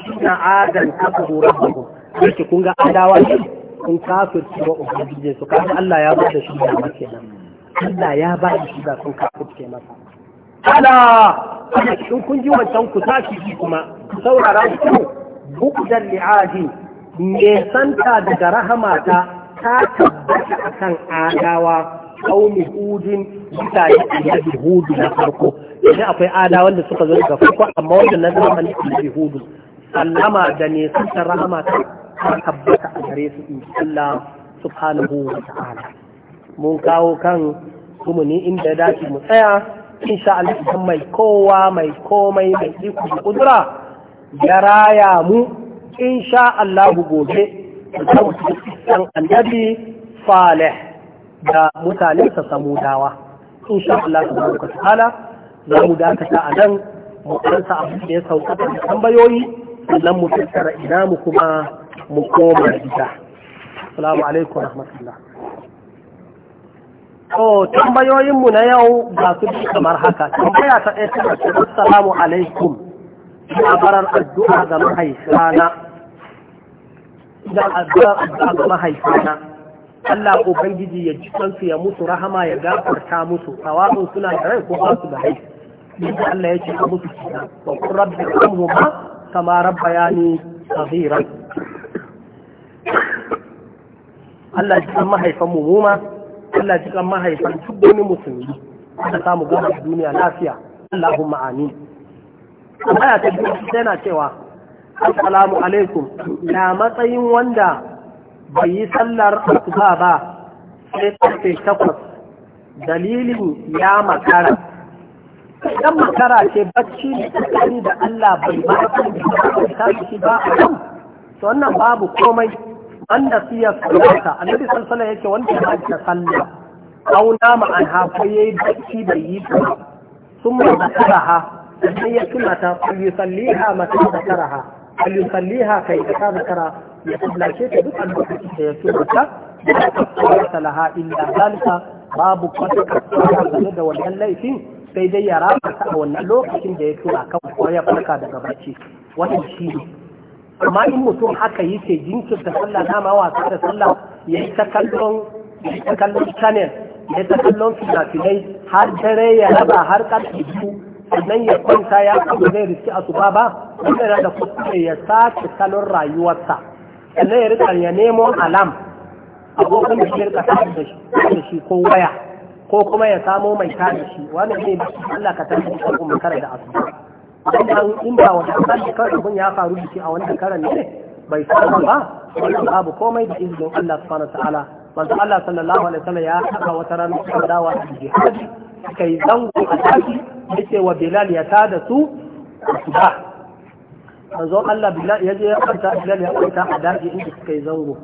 inna adan kafaru rabbuhum yake kun ga adawa ne kun kafirci wa ubangiji su kafin Allah ya bada shi da mace nan Allah ya bada shi da kun kafirce masa ala in kun ji wancan ku tashi shi kuma saurara ku bukdan li'adi me santa daga rahama ta ta tabbata akan adawa kaumi hudin mutane annabi hudu na farko idan akwai ada da suka zo daga farko amma wanda na zama annabi hudu sallama da nesantar rahama ta tabbata a gare su in Allah subhanahu wa ta'ala mun kawo kan kuma ni inda dace mu tsaya insha Allah mai kowa mai komai mai iko da kudura ya raya mu insha Allah gobe da mu annabi Salih da mutanen sa samudawa insha Allah subhanahu wa ta'ala za mu dakata a nan mu karanta abin da ya sauka tambayoyi sannan mu tattara ina mu kuma mu koma gida Salamu alaikum rahmatullah to tambayoyin na yau ba su kamar haka tambaya ta ɗaya ta ce assalamu alaikum ina barar addu'a ga mahaifana ina addu'a ga mahaifana Allah Ubangiji ya ji kansu ya mutu rahama ya gafarta musu tawabin suna da rai ko ba su da rai. Yadda Allah ya ce musu kina, ba rabbi كما ربياني صغيرا Allah ya cikin mahaifan mu muma Allah ya cikin mahaifan duk wani musulmi da samu gama da duniya lafiya Allahumma amin Allah ta biyu tana cewa assalamu alaikum na matsayin wanda bai yi sallar asuba ba sai karfe takwas dalilin ya makara dan makara ce bacci tsakani da Allah bai ba ta shi ba a to wannan babu komai an da siya salata annabi sallallahu yake wanda ya ta sallah aw nama an ha ko yayi bacci bai yi ta summa zakaraha sai ya tuna ta yusalliha mata zakaraha al yusalliha kai ta zakara ya tallace ta duk lokaci da ya tuna ta ta laha illa zalika babu kwata kwata da wannan laifin sai dai ya rama a wannan lokacin da ya tura kan ko ya farka daga bacci wannan shi ne amma in mutum aka yi ce jinkirta sallah dama wasa da sallah ya yi ta kallon ta kallon channel ya ta kallon fina-finai har dare ya raba har karfe biyu sannan ya kwanta ya kuma zai riski a suba ba yana da kuskure ya sace salon rayuwarsa sannan ya rika ya nemo alam abokan da shi rika da shi ko waya ko kuma ya samo mai kare shi wannan ne Allah ka tafi da kuma kare da asu wannan in ba wata kan kar abun ya faru da shi a wannan karan ne bai samu ba wannan babu komai da izinin Allah subhanahu wataala manzo Allah sallallahu alaihi wasallam ya saka wata ranar dawa da jihadi kai zango a tashi yace wa Bilal ya tada su ba manzo Allah Bilal ya je ya kwanta Bilal ya kwanta a daji inda suka yi zango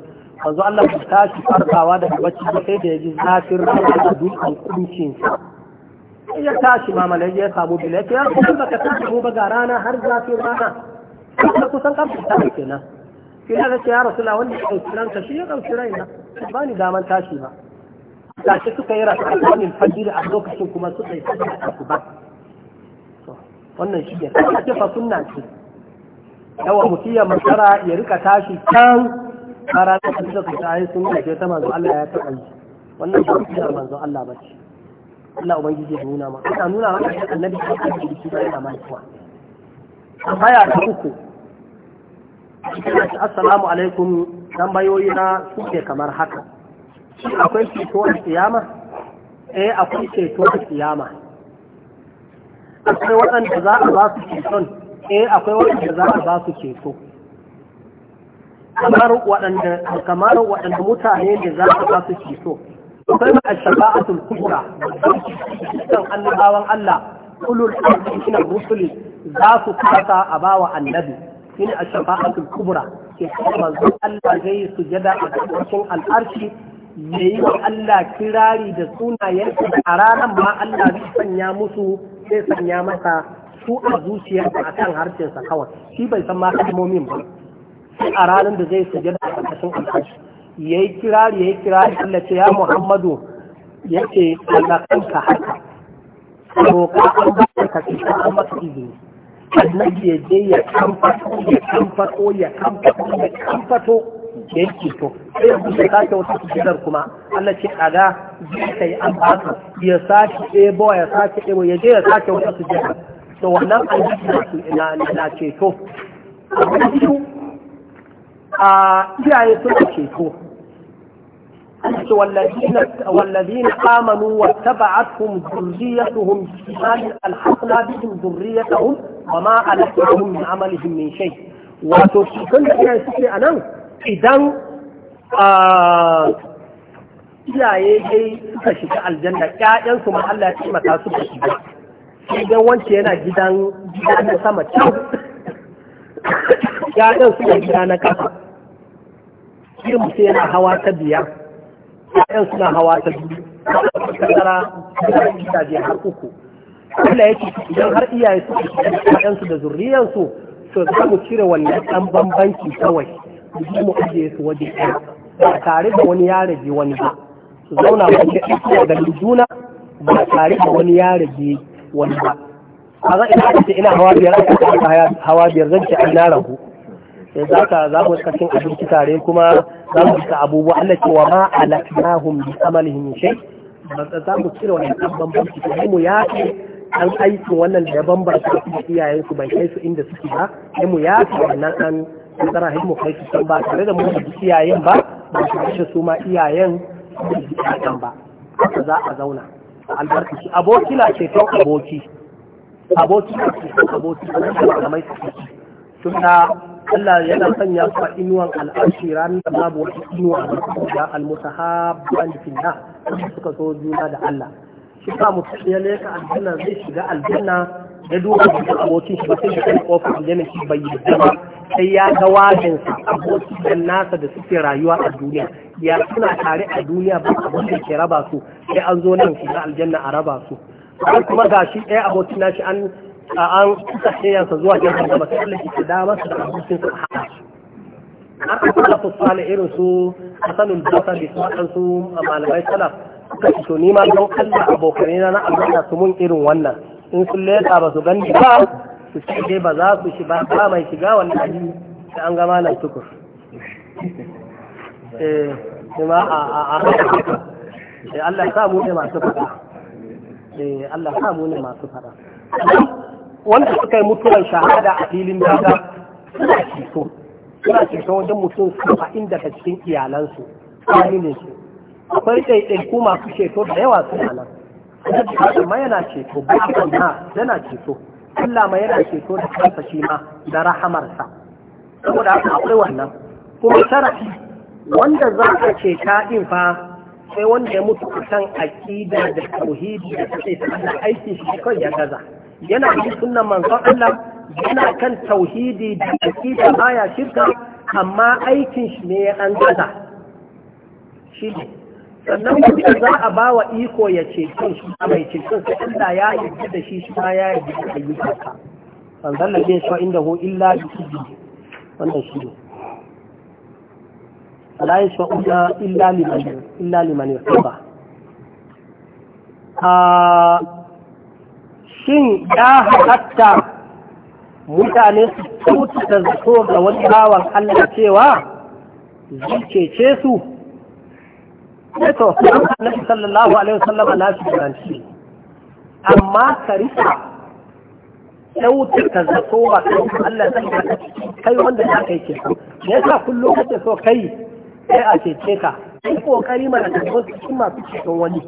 manzo Allah ba ta shi farkawa daga bacci ba sai da ya ji zafin rana da dukkan kuncin ya tashi ma malai ya samu bilai ya kusan ka tashi mu ba ga rana har zafin rana kuma kusan karfi ta kenan sai ya ce ya rasula wanda ya ɗauki ranka shi ya dauki raina ba ni daman tashi ba gashi suka yi rasanin fajiri a lokacin kuma suka yi fajiri a su ba wannan shi ne kuma kifa sunna ce yawa mutum ya masara ya rika tashi can kara ta kan suka ta yi sun kake ta manzo Allah ya taɓa yi wannan ba su da manzo Allah ba ce Allah ubangiji ya nuna ma ina nuna maka da annabi ta kan da shi yana mai kuwa amma ya ta uku assalamu alaikum tambayoyi na suke kamar haka akwai ceto a kiyama eh akwai ceto a kiyama akwai waɗanda za a ba su ceton eh akwai waɗanda za a ba su ceto kamar waɗanda kamar waɗanda mutane da za su ba su ci so kai ma shafa'atul kubra kan annabawan Allah ulul azmi kina rusuli za su kasa a bawa annabi min shafa'atul kubra ke kuma manzo Allah zai sujada a cikin al'arshi yayi wa Allah kirari da sunayen da a ranar ma Allah zai sanya musu zai sanya masa su a zuciyarsa akan harshensa kawai shi bai san ma kalmomin ba sai a ranar da zai sujada a ƙarƙashin alfashi ya yi kirari ya yi kirari Allah ce ya Muhammadu ya ce Allah kanka haka roƙa an ba ka kace ka an masa izini annabi ya je ya kamfato ya kamfato ya kamfato ya kamfato ya yi ceto sai ya buɗe sake wata sujadar kuma Allah ce a ga zai kai an ba ka ya sake ɗebo ya sake ɗebo ya je ya sake wata sujadar to wannan an yi na ceto. Abu na biyu a iyaye suna ceto والذين آمنوا واتبعتهم ذريتهم بإيمان ألحقنا بهم ذريتهم وما ألحقهم من عملهم من شيء وتوشيكن إلى سكي أنا إذن iyaye dai suka shiga aljanna ƴaƴansu ma Allah ya taimaka su da shiga idan wance yana gidan gida na gida na sai mutu yana hawa ta biyar ƴaƴan suna hawa ta biyu kasara suna gidaje har uku Allah yake idan har iyaye suka shiga ƴaƴansu da zurriyansu to za mu cire wannan ɗan bambanci kawai mu ji mu ajiye su waje ɗaya ba tare da wani ya rage wani ba su zauna waje ɗaya da juna ba tare da wani ya rage wani ba a zan ina ce ina hawa biyar aka hawa biyar zan ce ina rahu. Za ka za mu abinci tare kuma za mu cika abubuwa Allah cewa ma alaknahum bi amalihim shay za mu cire wannan dan bambanci sai mu yafi an aiki wannan da ya bambanta su iyayen su bai kai su inda suke ba sai mu yafi wannan an tsara himu kai su san ba tare da mu da iyayen ba ba su kashe su ma iyayen kan ba za a zauna albarkaci aboki na to aboki aboki na aboki ba mai suke suna Allah yana sanya su a inuwan al'arshi ranar da babu wasu inuwa da al-mutahabban da suka so juna da Allah shi sa mutum ya leka aljanna zai shiga aljanna ya duba da abokin shi ba sai shi kofar aljanna shi bai ba sai ya ga wajen sa abokin da nasa da suke rayuwa a duniya ya suna tare a duniya ba abin da ke raba su sai an zo nan shiga aljanna a raba su kuma ga shi ɗaya abokin nashi an an kusa sa zuwa jihar da ba ta Allah ke dama su da abincin su haɗa har an kula su tsala irin su hasanul basar da su su malamai salaf suka fito ni ma don kalla abokanai na na su mun irin wannan in sun leta ba su gani ba su ce dai ba za su shiga ba mai shiga wannan hali sai an gama nan tukur eh kuma a a a Allah ya sa mu ne masu fada eh Allah ya sa mu ne masu fada eh, wanda suka yi mutuwar shahada a filin daga suna ceto suna ceto wajen mutum inda daga cikin iyalansu su. akwai ɗaiɗaiku masu ceto da yawa suna nan annabi adam ma yana ceto ba a ma yana ceto Allah ma yana ceto da kansa shi ma da rahamarsa saboda haka akwai wannan kuma sharafi wanda za ka ceta din fa sai wanda ya mutu kusan aƙida da tauhidi da suke ta aiki shi kawai ya gaza yana cikin sunnan manzon Allah yana kan tauhidi da aqida baya shirka amma aikin shi ne an gaza shi ne sannan mutum za a ba wa iko ya ce kan shi mai cikin sai Allah ya yarda da shi shi ma ya yarda da ayyukansa manzon da bai so inda ho illa bi wannan shi ne la yashfa'una illa liman illa liman yakhfa shin ya halatta mutane su kyautata zato ga wani bawan Allah cewa zai ce su sai eh to annabi sallallahu alaihi wasallam na shi garanti amma ka rika kyautata zato ga Allah zai ka kai wanda za ka yi ce ya sa kullum kake so kai sai a cece ka kai kokari mana da wasu cikin masu cikin wani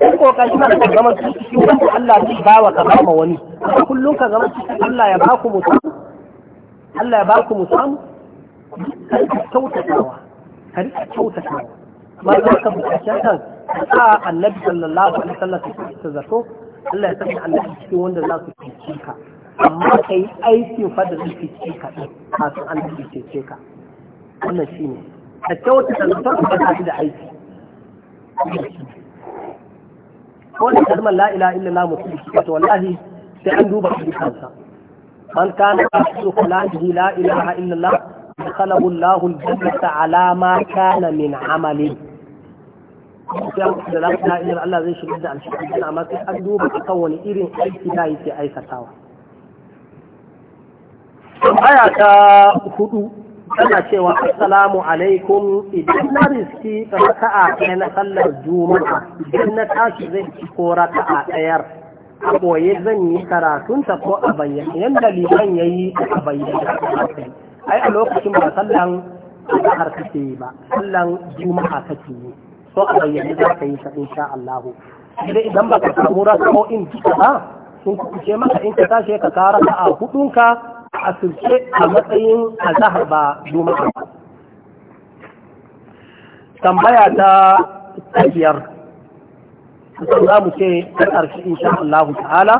in ko ka shi ka zama shi wanda Allah zai wa ka kama wani kullum ka zama shi Allah ya ku mutum Allah ya ku mutum ka rika kyautatawa ka rika kyautatawa ma za ka buƙaci hakan sa annabi sallallahu alaihi wasallam ka zato Allah ya sanya annabi cikin wanda za su cece ka amma ka yi aikin fadar da ke ce ka ɗin kafin an da ce ka wannan shi ne a kyauta da mutum ba ta da aiki ko da kalmar la ilaha illallah mutum shi to wallahi sai an duba shi kansa man kana yaqulu qalatihi la ilaha illallah dakhalahu Allah al-jannata ala ma kana min amali sai an da la ilaha illallah Allah zai shigar da alshi amma sai an duba kan wani irin aiki da yake aikatawa tambaya ta hudu tana cewa assalamu alaikum idan na riski raka'a ɗaya na sallar juma'a idan na tashi zai ci ko raka'a ɗayar a ɓoye zan yi karatunta ko a bayyana yadda liman ya yi a bayyana ai a lokacin ba sallan azahar kake yi ba sallan juma'a kake yi so a bayyana za ka yi ta insha Allah idan idan baka samu raka'o'in duka ba sun kuce maka in ka tashi ka kara a hudunka a asirce a matsayin azahar ba juma'a tambaya ta tafiyar, sun za mu ce ta ƙarshe insha Allah ta'ala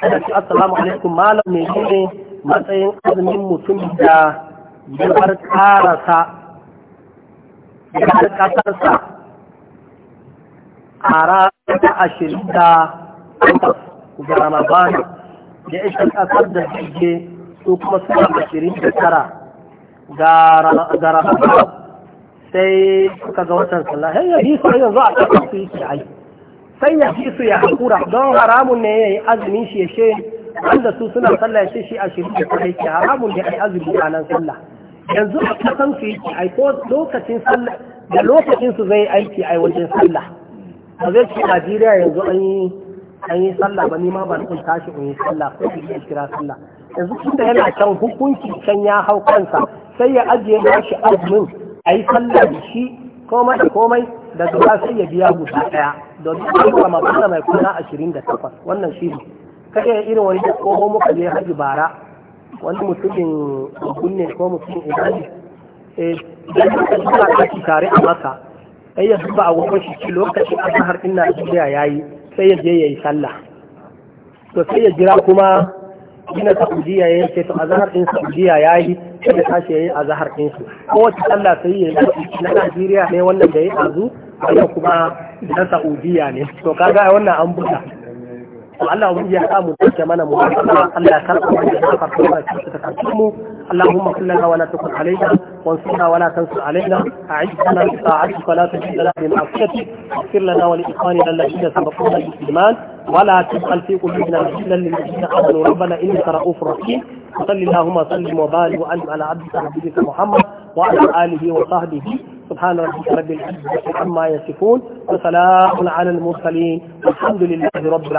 kada shi assalamu alaikum malam ne ne matsayin azumin mutum da yabar ƙarasa yabar ƙasarsa a ranar ashirin da takwas ga ramadana da ishe ƙasar da jirgin su kuma suna ashirin da tara ga rahama sai suka ga watan sallah sai ya bi su yanzu a ƙasar su yake ai sai ya fi su ya haƙura don haramun ne ya yi azumin shi ya she wanda su suna sallah ya shi shi ashirin da tara yake haramun ne a yi azumi nan sallah yanzu a ƙasan su yake ai ko lokacin sallah da lokacin su zai aiki ai wajen sallah ba zai ce Najeriya yanzu an yi an yi sallah ba ni ma ban kun tashi in yi sallah ko in kira sallah yanzu inda yana can hukunci can ya hau kansa sai ya ajiye shi azumin a yi sallah da shi komai da komai da zuwa sai ya biya guda ɗaya domin an kuma bana mai kuna ashirin da takwas wannan shi ne kada ya irin wani tsoho muka je haji bara wani mutumin kunne ko mutumin ibadi da eh, dan ka tsara kashi tare a maka sai ya zuba a wurin shi lokacin azhar din ya yayi sai ya je ya yi sallah to sai ya jira kuma gina saudiya ya ce to azahar ɗin saudiya ya yi da tashi ya yi azahar din su kowace allah sai ya yi na najeriya ne wannan da ya yi azu wannan kuma na saudiya ne to kaga wannan an buga اللهم wani لنا ولا تكن علينا وانصرنا ولا تنصر علينا da بطاعتك ولا ta karɓa mu Allahumma kullu اغفر لنا ولاخواننا الذين سبقونا بالايمان ولا تجعل في قلوبنا غلا للذين امنوا ربنا انك رؤوف رحيم وصل اللهم وسلم وبارك وانت على عبدك نبيك محمد وعلى اله وصحبه سبحان ربك رب العزه عما يصفون وسلام على المرسلين والحمد لله رب العالمين